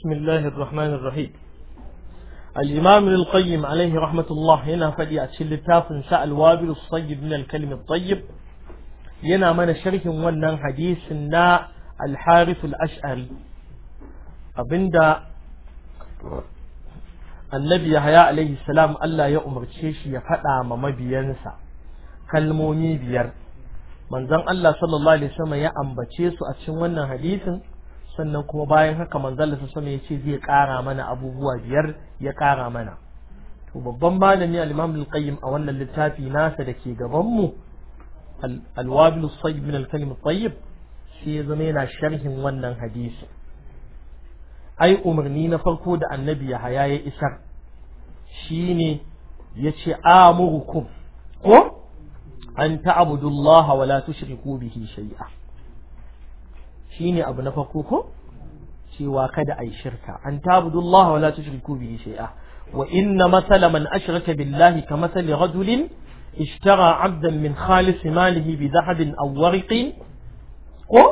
بسم الله الرحمن الرحيم الإمام القيم عليه رحمة الله هنا فدي أتشل تافن سأل وابل الصيب من الكلم الطيب ينا من شرح ونن حديث نا الحارث الأشعري أبندا annabi Yahaya alaihi salam Allah ya umarce shi ya faɗa ma mabiyansa kalmomi biyar manzon Allah sallallahu alaihi wasallam ya ambace su a cikin wannan hadisin sannan kuma bayan haka manzon Allah sama yace zai ƙara mana abubuwa biyar ya kara mana to babban malami al-Imam al-Qayyim a wannan littafi nasa da ke gaban mu al-Wabil as-Sayyib min al-Kalim tayyib shi ya zama yana sharhin wannan hadisi ai umarni na farko da annabi ya haya ya isar shine yace amurukum ko an ta'budu Allah wa la tushriku bihi shay'a shine abu na farko ko cewa kada ai shirka an tabudullaha wala tushriku bihi shay'a wa inna masala man ashraka billahi kamathali rajulin ishtara 'abdan min khalisi malihi bi dhahabin aw warqin ko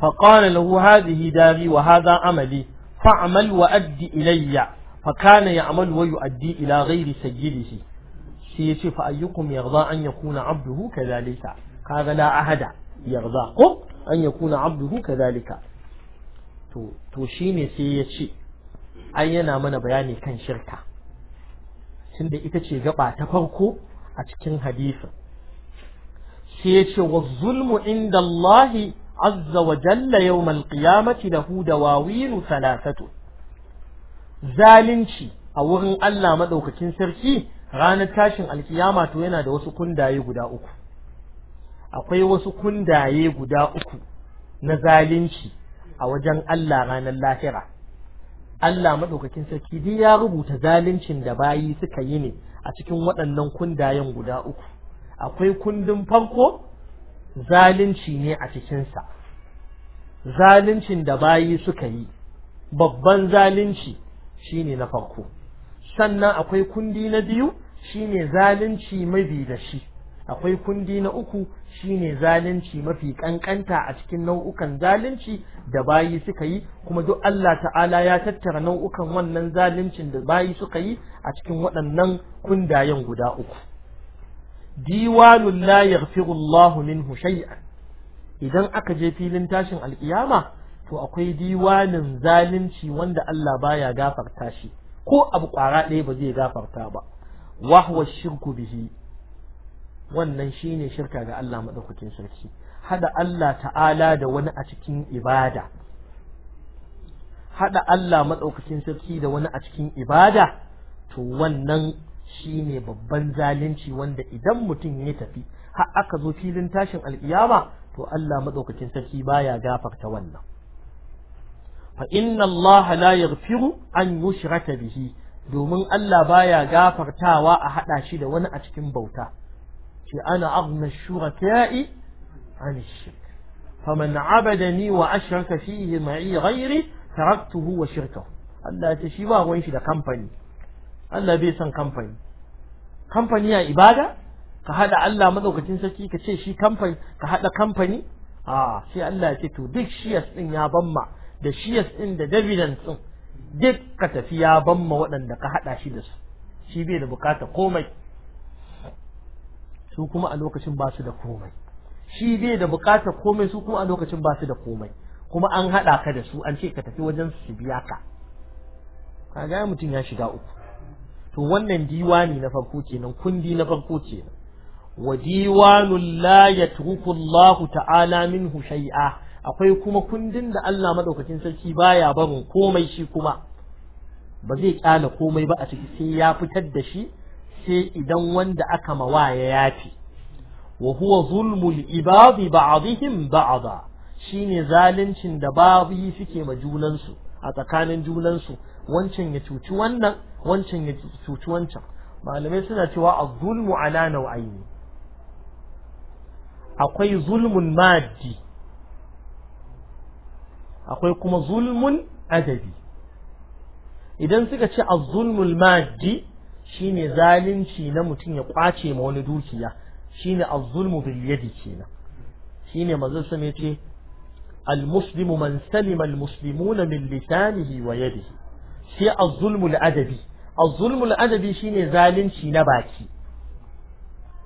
faqala lahu hadhihi dari wa hadha amali fa'mal wa addi ilayya fakana ya'mal wa yu'addi ila ghayri sayyidihi shi yace fa ayyukum yarda an ya kuna 'abduhu kadhalika kaga la ahada yarda ko an kuna abduhu kazalika. to to shine sai ya ce an yana mana bayani kan shirka tunda ita ce gaba ta farko a cikin hadisin sai ya ce wa zulmu inda Allah azza wa jalla yawmal qiyamati lahu dawawinu salasatu zalunci a wurin Allah madaukakin sarki ranar tashin alkiyama to yana da wasu kundaye guda uku akwai wasu kundaye guda uku na zalunci a wajen Allah ranar lahira Allah maɗaukakin sarki dai ya rubuta zaluncin da bayi suka yi ne a cikin waɗannan kundayen guda uku akwai kundin farko zalunci ne a cikin sa zaluncin da bayi suka yi babban zalunci shine na farko sannan akwai kundi na biyu shine zalunci mabi da shi akwai kundi na uku shine zalunci mafi kankanta a cikin nau'ukan zalunci da bayi suka yi kuma duk Allah ta'ala ya tattara nau'ukan wannan zaluncin da bayi suka yi a cikin waɗannan kundayen guda uku diwanul la yaghfiru Allahu minhu shay'an idan aka je filin tashin alkiyama to akwai diwanin zalunci wanda Allah baya gafarta shi ko abu kwara ɗaya ba zai gafarta ba wahwa shirku bihi wannan shine shirka ga Allah madaukakin sarki hada Allah ta'ala da wani a cikin ibada hada Allah madaukakin sarki da wani a cikin ibada to wannan shine babban zalunci wanda idan mutum ya tafi har aka zo filin tashin alkiyama to Allah madaukakin sarki baya gafarta wannan fa inna Allah la yaghfiru an yushraka bihi domin Allah baya gafartawa a hada shi da wani a cikin bauta أنا أغنى الشركاء عن الشرك فمن عبدني وأشرك فيه معي غيري تركته وشركه Allah ta shi ba ruwan da kamfani Allah bai san kamfani kamfani ya ibada ka hada Allah madaukakin sarki ka ce shi kamfani ka hada kamfani sai Allah ya ce to duk shiyas din ya bamma da shiyas ɗin da dividends din duk ka tafi ya bamma waɗanda ka haɗa shi da su shi bai da bukata komai su kuma a lokacin ba su da komai shi dai da bukatar komai su kuma a lokacin ba su da komai kuma an haɗa ka da su an ce ka tafi wajen su biya ka kaga mutum ya shiga uku to wannan diwani na farko kenan kundi na farko kenan wa diwanul la yatruku Allah ta'ala minhu shay'a akwai kuma kundin da Allah madaukakin sarki baya barin komai shi kuma ba zai kyala komai ba a ciki sai ya fitar da shi sai idan wanda aka mawa ya yafi wa huwa zulmul ibadi ba'dihim ba'da shine zaluncin da babu suke ma junan su a tsakanin junan su wancan ya cuci wannan wancan ya cuci wancan malamai suna cewa az-zulmu ala nau'aini akwai zulmun maddi akwai kuma zulmun adabi idan suka ce az-zulmul maddi shine zalunci na mutum ya kwace ma wani dukiya shine az-zulmu bil yadi kenan shine manzo sama yace al-muslimu man salima al-muslimuna min lisanihi wa yadihi sai az-zulmu al-adabi az-zulmu al-adabi shine zalunci na baki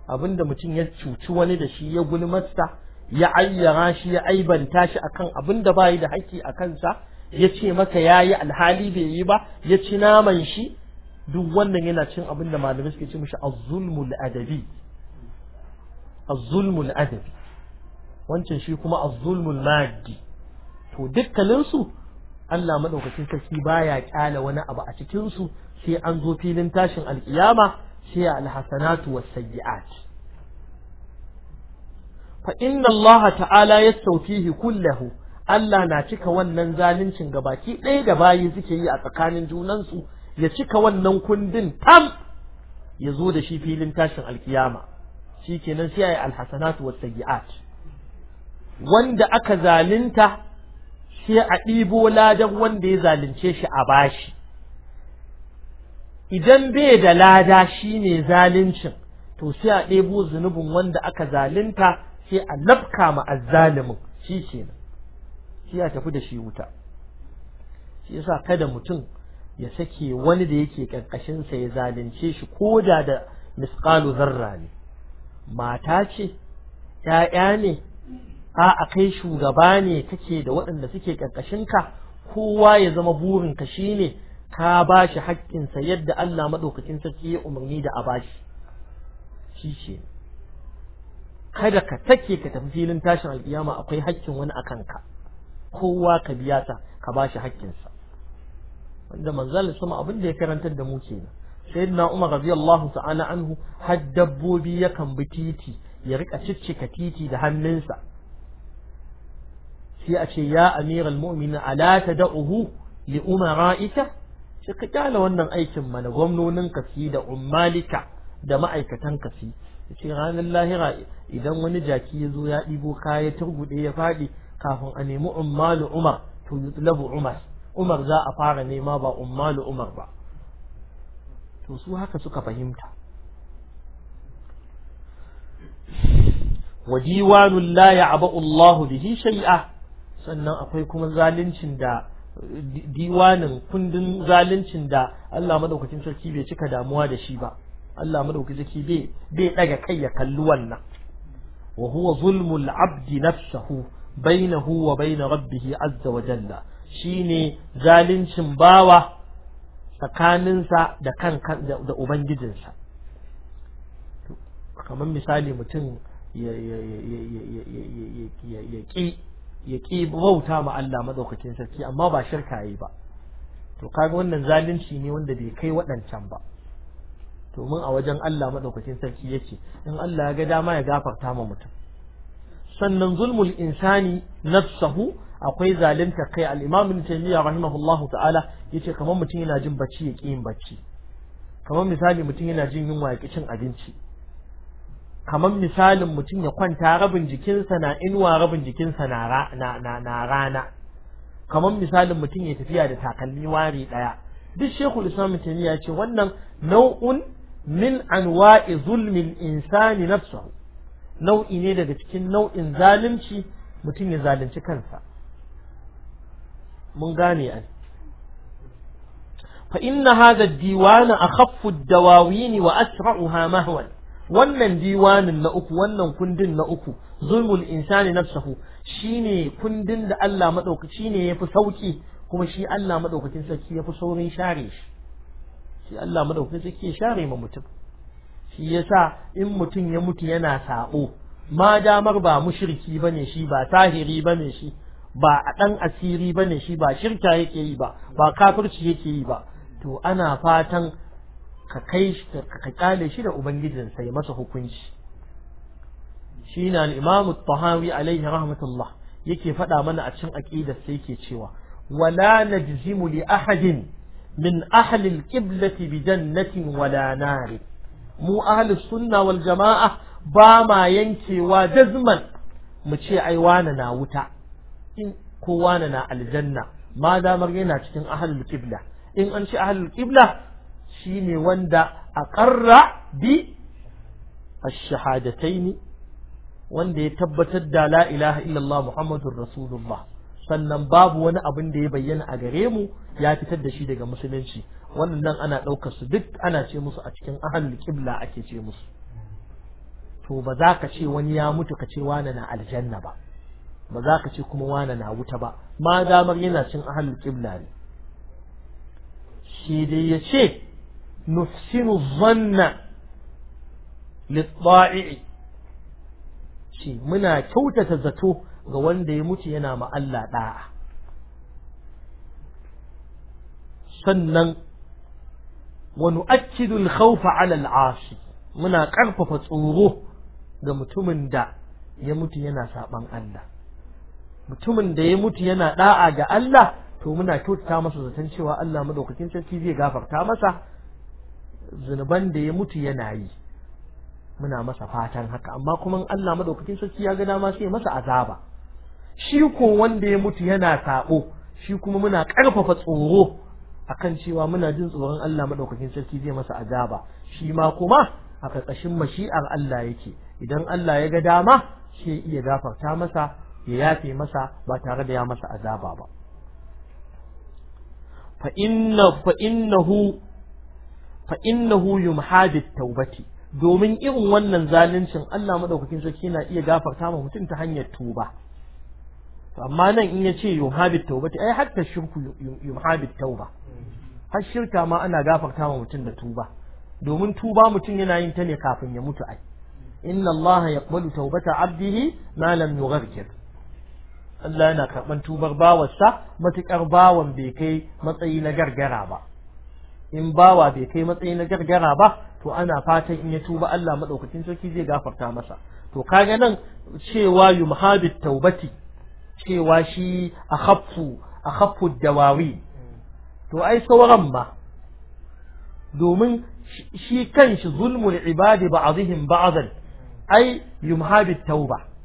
abinda mutum ya cuci wani da shi ya gulmarsa ya ayyara shi ya aibanta shi akan abinda bayi da hakki a kansa ya ce maka yayi alhali bai yi ba ya ci naman shi duk wannan yana cin abin da malamai suke ce mishi az adabi az adabi wancan shi kuma az-zulmul maddi to dukkanin su Allah madaukakin sarki baya kyala wani abu a cikin su sai an zo filin tashin alkiyama sai Alhassanatu hasanatu fa inna Allah ta'ala yastawfihi kullahu Allah na cika wannan zaluncin gabaki ɗaya da bayi suke yi a tsakanin junansu ya cika wannan kundin tam ya zo da shi filin tashin alkiyama shi kenan sai ayi alhasanatu was sayiat wanda aka zalunta sai a ɗibo ladan wanda ya zalunce shi a bashi idan bai da lada shi ne zaluncin to sai a ɗebo zunubin wanda aka zalunta sai a lafka ma azzalimin shi kenan sai a tafi da shi wuta shi yasa kada mutum ya sake wani da yake ƙarƙashinsa ya zalunce shi ko da da misƙalu zarra ne mata ce ‘ya'ya ne a kai shugaba ne kake da waɗanda suke ka kowa ya zama ka shi ne ka ba shi haƙƙinsa yadda Allah maɗaukacin sarki ya umarni da a ba shi ce kada ka take ka tafi filin tashin alƙiyama akwai haƙƙin wani a kanka kowa ka biya ta ka ba shi haƙƙinsa wanda manzal sama abin da ya karantar da mu kenan na umar radiyallahu ta'ala anhu har dabbobi yakan bi titi ya rika ciccika titi da hannunsa sai a ce ya amiral mumin ala tad'uhu li umara'ika sai ka kyala wannan aikin mana gwamnonin kasi da ummalika da ma'aikatan kasi ce ranar lahira idan wani jaki ya zo ya ɗibo kaya turgude ya faɗi kafin a nemi ummalu umar to yutlabu umar umar za a fara nema ba ummalu umar ba to su haka suka fahimta wa diwanun la ya'ba'u Allahu bihi shay'a sannan akwai kuma zaluncin da diwanin kundin zaluncin da Allah madaukakin sarki bai cika damuwa da shi ba Allah madaukakin sarki bai bai daga kai ya kalli wannan wa huwa zulmul abdi nafsuhu bainahu wa bain rabbih azza wa jalla shine zalincin bawa tsakaninsa da kan da ubangijinsa kamar misali mutum ya ƙi bauta ma Allah maɗaukacin sarki amma ba shirka yi ba to kaga wannan zalunci ne wanda bai kai waɗancan ba domin a wajen Allah maɗaukacin sarki ya ce in Allah ya ga dama ya gafarta ma mutum sannan zulmul insani nafsahu akwai zalunta kai al-imam ibn taymiya rahimahullahu ta'ala yace kamar mutum yana jin bacci ya ƙi yin bacci kamar misali mutum yana jin yunwa ya cin abinci kamar misalin mutum ya kwanta rabin jikinsa na inuwa rabin jikinsa na na rana kamar misalin mutum ya tafiya da takalmi wari daya duk shehu islam taymiya ya ce wannan nau'un min anwa'i zulmin insani nafsuhu nau'i ne daga cikin nau'in zalunci mutum ya zalunci kansa mun gane an fa inna hadha ad-diwan akhaffu ad-dawawin wa asra'uha mahwan wannan diwanin na uku wannan kundin na uku zulmul insani nafsuhu shine kundin da Allah madaukaki ne yafi sauki kuma shi Allah madaukakin sarki yafi saurin share shi shi Allah madaukakin sarki ya share ma mutum shi yasa in mutum ya mutu yana sabo ma damar ba mushriki bane shi ba tahiri bane shi ba a ɗan asiri ba ne shi ba shirka yake yi ba ba kafirci yake yi ba to ana fatan ka kai shi ka kyale shi da ubangijin sai masa hukunci shi na imamu tahawi alaihi rahmatullah yake faɗa mana a cin aqidar sai yake cewa wala najzimu li ahadin min ahli al bi jannatin wala nar mu ahli sunna wal jama'a ba ma yankewa jazman mu ce ai wani na wuta in kowa na na aljanna ma damar yana cikin ahalul kibla in an ci ahlul shi shine wanda a bi ash-shahadataini wanda ya tabbatar da la ilaha illallah muhammadun rasulullah sannan babu wani abin da ya bayyana a gare mu ya fitar da shi daga musulunci wannan nan ana ɗaukar su duk ana ce musu a cikin ahlul qibla ake ce musu to ba za ka ce wani ya mutu ka ce wani na aljanna ba ba za ka ce kuma wane na wuta ba ma damar yana cin ahalul kibla ne shi dai ya ce nufsinu zanna lit shi muna kyautata zato ga wanda ya mutu yana ma'alla ɗa'a. sannan wani akidun haufa alal ashi muna ƙarfafa tsoro ga mutumin da ya mutu yana saɓan Allah mutumin da ya mutu yana da'a ga Allah to muna kyautata masa zaton cewa Allah madaukakin sarki zai gafarta masa zunuban da ya mutu yana yi muna masa fatan haka amma kuma Allah madaukakin sarki ya ga dama sai masa azaba shi ko wanda ya mutu yana saɓo, shi kuma muna karfafa tsoro akan cewa muna jin tsoron Allah madaukakin sarki zai masa azaba shi ma kuma a karkashin mashi'ar Allah yake idan Allah ya ga dama sai iya gafarta masa ya yafe masa ba tare da ya masa azaba ba fa inna fa innahu fa innahu taubati domin irin wannan zaluncin Allah madaukakin sarki na iya gafarta ma mutum ta hanyar tuba to amma nan in yace yumhadu taubati ai hatta shirku yumhadu tauba har shirka ma ana gafarta ma mutum da tuba domin tuba mutum yana yin ta ne kafin ya mutu ai inna Allah yaqbalu taubata abdihi ma lam yugharkir Allah yana karɓan tubar bawarsa matuƙar bawan bai kai matsayi na gargara ba in bawa bai kai matsayi na gargara ba to ana fatan in ya tuba Allah madaukakin sarki zai gafarta masa to kaga nan cewa yumhabit taubati cewa shi akhaffu akhaffu dawawi to ai sauran ba domin shi kanshi zulmul ibadi ba'dihim ba'dan ai yumhabit tauba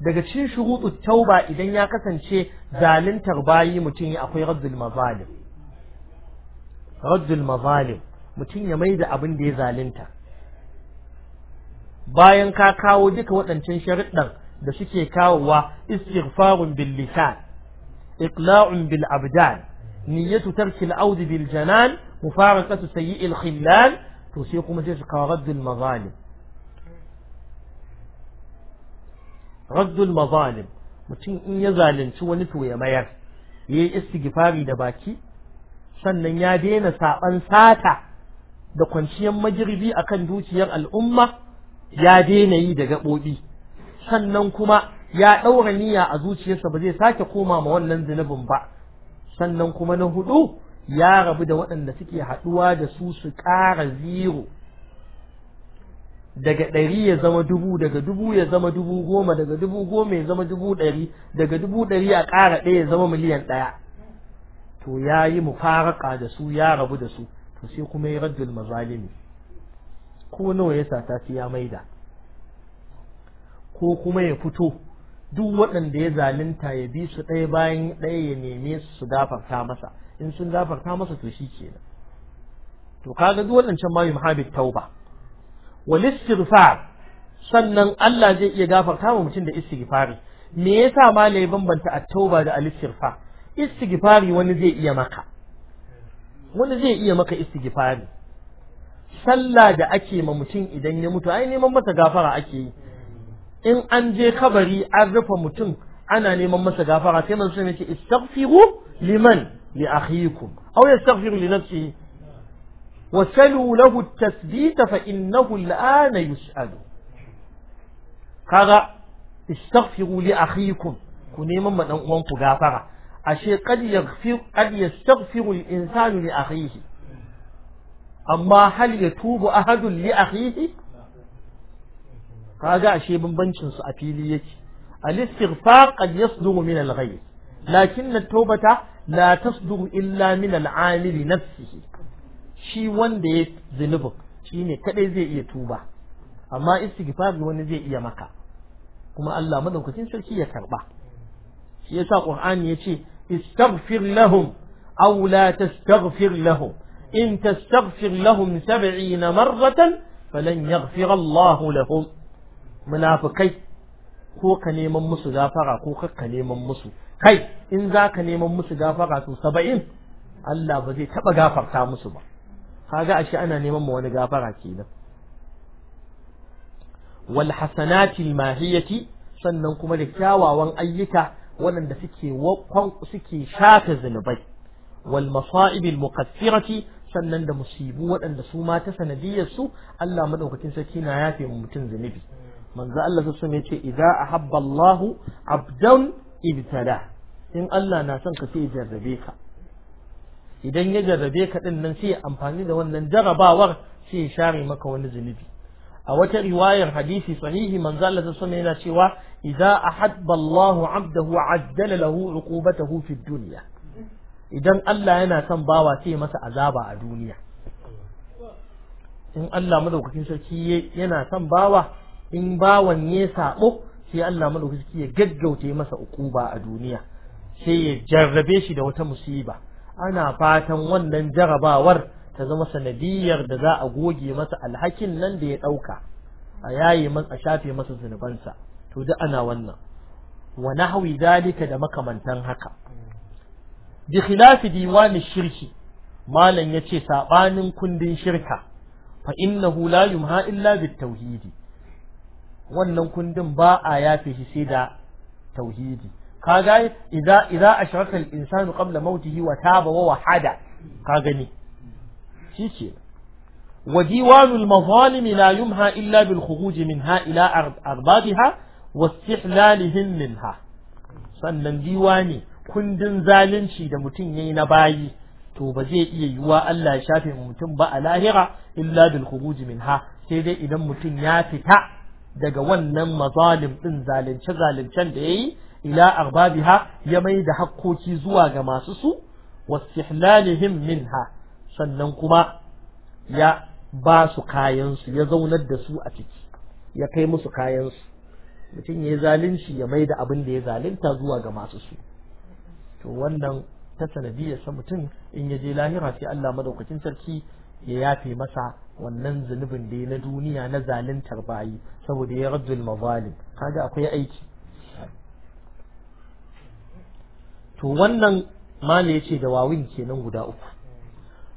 daga cikin shuruɗu tauba idan ya kasance zaluntar bayi mutum ya akwai raddul mazalim raddul mazalim mutum ya da abin da ya zalunta bayan ka kawo duka waɗancan sharuɗan da suke kawowa istighfarun bil lisan iqla'un bil abdan niyyatu tarki al bil janan mufaraqatu sayyi'il khillal to sai kuma sai su kawo raddul mazalim raddul mazalim mutum in ya zalunci wani to ya mayar ya yi istighfari da baki sannan ya daina saban sata da kwanciyar majirbi akan dukiyar al'umma ya daina yi da gaɓoɓi sannan kuma ya ɗaura niyya a zuciyarsa ba zai sake koma ma wannan zunubin ba sannan kuma na hudu ya rabu da waɗanda suke haɗuwa da su su ƙara zero daga ɗari ya zama dubu daga dubu ya zama dubu goma daga dubu goma ya zama dubu ɗari daga dubu ɗari a ƙara ɗaya ya zama miliyan ɗaya to ya yi mufaraka da su ya rabu da su to sai kuma ya raddul mazalimi ko nawa ya sata sai ya maida ko kuma ya fito duk waɗanda ya zalunta ya bi su ɗaya bayan ɗaya ya neme su su gafarta masa in sun gafarta masa to shi kenan to kaga duk waɗancan ma yuhabit tauba wal istighfar sannan Allah zai iya gafarta wa mutum da istighfari me yasa ma ne bambanta at-tauba da al-istighfar istighfari wani zai iya maka wani zai iya maka istighfari sallah da ake ma mutum idan ya mutu ai neman masa gafara ake yi in an je kabari an rufe mutum ana neman masa gafara sai manzo ne ce istaghfiru liman li akhikum aw yastaghfiru li nafsihi وسلوا له التثبيت فإنه الآن يسأل هذا استغفروا لأخيكم كنيما من أمان تغافر أشي قد يغفر قد يستغفر الإنسان لأخيه أما هل يتوب أحد لأخيه هذا أشي من بنشن سأفيليك الاستغفار قد يصدر من الغير لكن التوبة لا تصدر إلا من العامل نفسه shi wanda ya zunubin shi ne kadai zai iya tuba amma istighfar wani zai iya maka kuma Allah madaukakin sarki ya karba shi yasa qur'ani yace istaghfir lahum aw la tastaghfir lahum in tastaghfir lahum 70 marratan falan yaghfir Allah lahum munafikai ko ka neman musu gafara ko ka neman musu kai in zaka neman musu gafara to 70 Allah ba zai taba gafarta musu ba kaga ashe ana neman mu wani gafara kenan wal hasanati mahiyati sannan kuma da kyawawan ayyuka waɗanda suke suke shafe zunubai wal masa'ibil al muqaffirati sannan da musibu waɗanda su ma ta sanadiyar su Allah madaukakin sarki na yafe mu mutum zunubi manzo Allah sassu ne ce idza ahabba Allahu abdan ibtala in Allah na son ka sai jarrabe ka idan ya jarrabe ka din nan sai ya amfani da wannan jarabawar sai ya share maka wani zunubi a wata riwayar hadisi sahihi manzo Allah yana cewa idza ahabba Allahu 'abdahu 'addala lahu 'uqubatahu fid dunya idan Allah yana son bawa sai masa azaba a duniya in Allah madaukakin sarki yana son bawa in bawan ya sabo sai Allah madaukakin sarki ya gaggauta masa uquba a duniya sai ya jarrabe shi da wata musiba ana fatan wannan jarabawar ta zama sanadiyar da za a goge masa alhakin nan da ya ɗauka a yayi a shafe masa zunubansa to duk ana wannan wa nahwi dalika da makamantan haka bi khilafi diwani shirki malam yace sabanin kundin shirka fa innahu la yumha illa bit tauhidi wannan kundin ba a yafe shi sai da tauhidi ka ga idza idza ashraka al-insanu qabla mautihi wa taba wa wahada ka gani shike wa diwanul mazalimi la yumha illa bil khuruj minha ila arbabiha wa istihlalihim minha sannan diwani kundin zalunci da mutum yayi na bayi to ba zai iya yiwuwa Allah ya shafe mutum ba a lahira illa bil khuruj minha sai dai idan mutum ya fita daga wannan mazalim din zalunce zaluncen da yayi ila arbabiha ya mai da hakkoki zuwa ga masu su wastihlalihim minha sannan kuma ya ba su kayan su ya zaunar da su a ciki ya kai musu kayan su mutum ya zalunci ya mai da abin da ya zalunta zuwa ga masu su to wannan ta sanadiyar sa mutum in ya je lahira sai Allah madaukakin sarki ya yafe masa wannan zunubin da na duniya na zaluntar bayi saboda ya raddul mazalim kaga akwai aiki to wannan mala yace da wawin kenan guda uku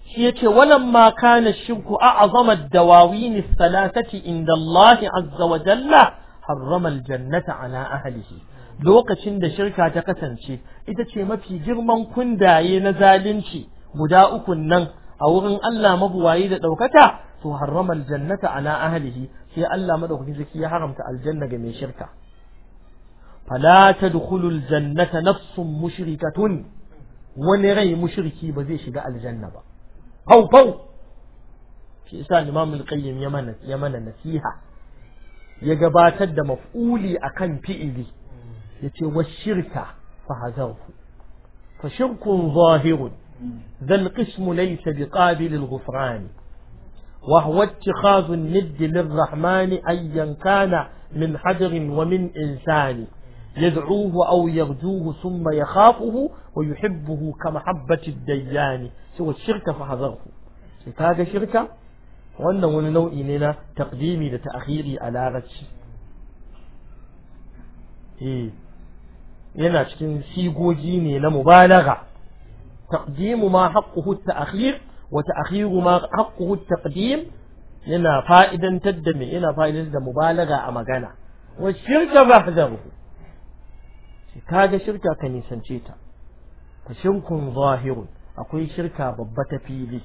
shi yace wannan ma kana shirku a azama dawawin salatati inda Allah azza wa jalla harrama aljannata ala ahlihi lokacin da shirka ta kasance ita ce mafi girman kundaye na zalunci guda uku nan a wurin Allah mabuwaye da ɗaukata. to harrama aljannata ala ahlihi sai Allah madaukakin zaki ya haramta aljanna ga mai shirka فلا تدخل الجنة نفس مشركة ونري مشركي بزيش شقاء الجنة أو فو في إسان الإمام القيم يمن يمن نسيها يقبات الد مفؤولي أكن فئلي يتي والشركة فهذوه فشرك ظاهر ذا القسم ليس بقابل الغفران وهو اتخاذ الند للرحمن أيا كان من حجر ومن إنسان يدعوه أو يرجوه ثم يخافه ويحبه كمحبة الديان سوى الشرك فحذره فهذا شركة وأنه من نوع لنا تقديمي لتأخيري على رجل هنا إيه. شكين سيقوجي لنا مبالغة تقديم ما حقه التأخير وتأخير ما حقه التقديم لنا فائدا تدمي لنا فائدا مبالغة أما أمغانا والشرك فحذره ka ga shirka ka nisance ta fashinkun zahirun akwai shirka babba ta fili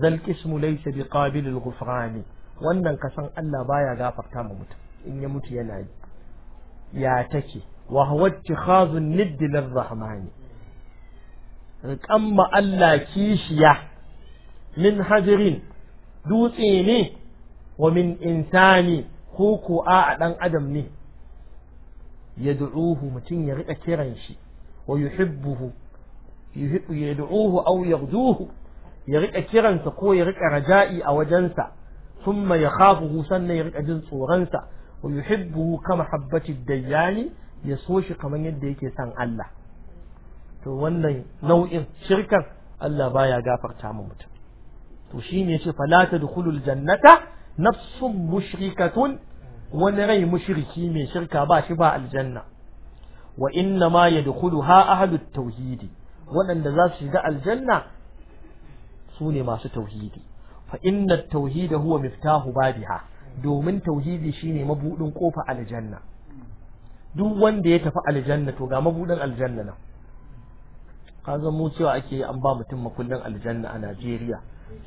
zalƙis qismu laysa biqabil al-ghufran wannan kasan Allah baya gafarta ma mutum in ya mutu yana yi ya take wa huwa niddilar nidd lirrahmani rikan ma Allah kishiya min hajirin dutse ne wa min insani ko ko a dan adam ne yad'uhu mutum ya rika kiran wa yuhibbuhu yuhibbu yad'uhu aw yaghduhu ya rika kiransa ko ya rika raja'i a wajensa thumma yakhafuhu sannan ya rika jin tsoronsa wa yuhibbuhu kama habbati dayyani ya so shi kamar yadda yake son Allah to wannan nau'in shirkan Allah baya gafarta ma mutum to shine yace fala tadkhulul jannata nafsun mushrikatun wani rai mushriki mai shirka ba shi ba aljanna wa inna ma ha ahlut tauhidi waɗanda za su shiga aljanna Sune masu tauhidi fa inna tauhida huwa miftahu babiha domin tauhidi shine mabudin kofa aljanna duk wanda ya tafi aljanna to ga mabudin aljanna nan kaga mu cewa ake an ba mutum makullin aljanna a Najeriya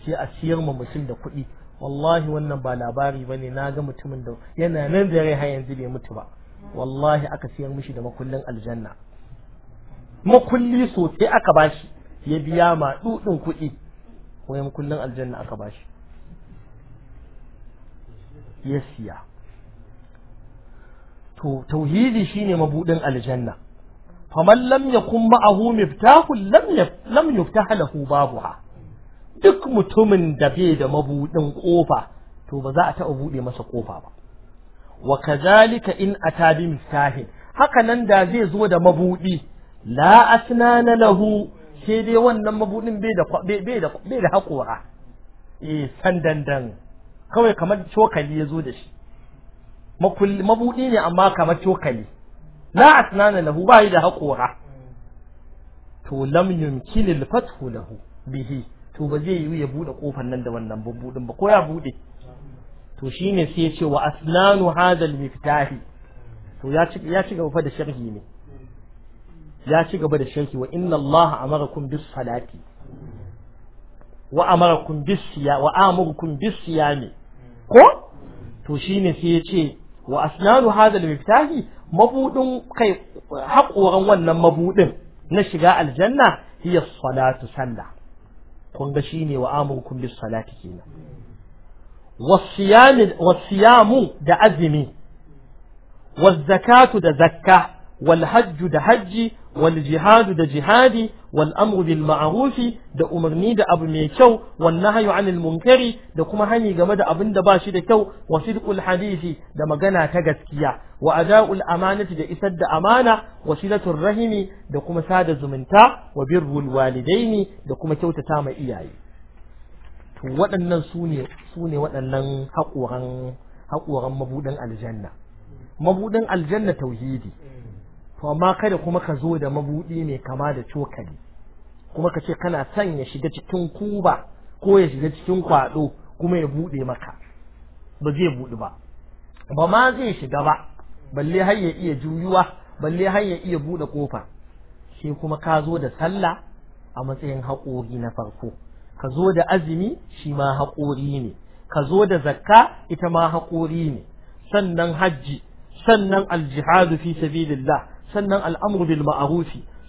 sai a siyar ma mutum da kuɗi wallahi wannan ba labari ba ne na ga mutumin da yana nan da rai har yanzu bai mutu ba wallahi aka siyar mishi da makullin aljanna makulli sosai aka bashi ya biya ma dudin kuɗi wai makullin aljanna aka bashi ya siya to tauhidi shine mabudin aljanna faman lam yakun ma'ahu miftahul lam lam yuftah lahu babuha duk mutumin da bai da mabudin kofa to ba za a taɓa buɗe masa kofa ba wa kazalika in ata bi miftahin haka nan da zai zo da mabudi la asnana lahu sai dai wannan mabudin bai da bai da bai da haƙora eh dandan kawai kamar cokali ya zo da shi mabudi ne amma kamar cokali la asnana lahu bai da haƙora to lam yumkin al-fathu lahu bihi to ba zai yiwu ya bude kofar nan da wannan bubudin ba ko ya bude to shine sai ya ce wa asnanu hadha miftahi to ya ci ya ci gaba da sharhi ne ya ci gaba da sharhi wa inna allaha amarakum bis salati wa amarakum bis siya wa amurukum bis siyami ko to shine sai ya ce wa asnanu hadha miftahi mabudin kai haƙoran wannan mabudin na shiga aljanna hiya salatu sallah kun shine wa amurkum bis salati kina wasiyam wasiyamu da azumi والزكاة da zakka wal hajju da hajji wal jihadu da jihadi wal amru bil ma'rufi da umarni da abu mai kyau wan nahyu anil munkari da kuma hani game da abin da ba shi da kyau wa sidqul hadisi da magana ta gaskiya wa ada'ul amanati da isar da amana wa silatul rahimi da kuma sada zumunta wa birrul walidaini da kuma kyautata ma iyaye to waɗannan sune sune waɗannan haƙoran mabuɗin aljanna Mabuɗin aljanna tauhidi to amma kada kuma ka zo da mabudi mai kama da cokali kuma ka ce kana son ya shiga cikin kuba ko ya shiga cikin kwaɗo kuma ya buɗe maka ba zai buɗe ba ba ma zai shiga ba balle har ya iya juyuwa balle har ya iya buɗe ƙofa shi kuma ka zo da sallah a matsayin haƙori na farko ka zo da azumi shi ma haƙori ne ka zo da zakka ita ma haƙori ne sannan hajji sannan aljihadu fi sabilillah sannan al'amru bil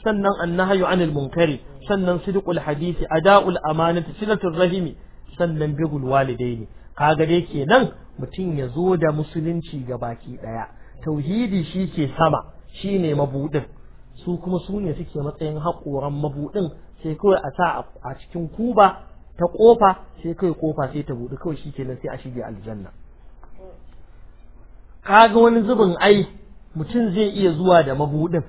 sannan annahyu anil munkari sannan sidqul hadisi ada'ul amanati silatul rahimi sannan bigul walidaini kaga dai kenan mutum ya zo da musulunci ga baki daya tauhidi shi ke sama shine mabudin su kuma sune suke matsayin haƙoran mabudin sai kawai a sa a cikin kuba ta kofa sai kawai kofa sai ta buɗe kawai shi nan sai a shige aljanna kaga wani zubin ai mutum zai iya zuwa da mabuɗin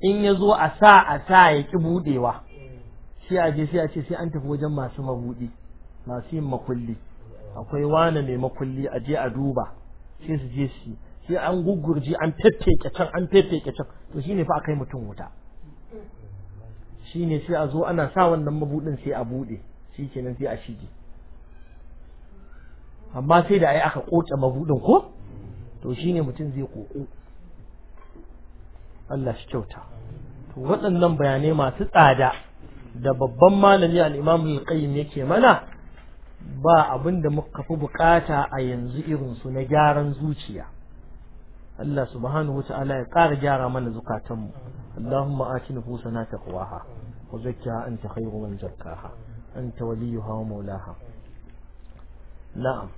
in ya zo a sa a sa ya ki buɗewa sai a je sai a ce sai an tafi wajen masu mabuɗi masu yin makulli akwai wane mai makulli a je a duba sai su je su sai an gugurje an feffeke can an feffeke can to shine fa akai mutum wuta shine sai a zo ana sa wannan mabuɗin sai a buɗe shikenan sai a shige amma sai da ai aka koce mabuɗin ko to shine mutum zai koko Allah shi kyauta to waɗannan bayanai masu tsada da babban malami al-Imam yake mana ba abin da muka fi bukata a yanzu irin na gyaran zuciya Allah subhanahu wata'ala ya ƙara gyara mana zukatanmu Allahumma ati nufusana taqwaha wa zakkaha anta khayru man zakkaha anta waliyuha wa mawlaha na'am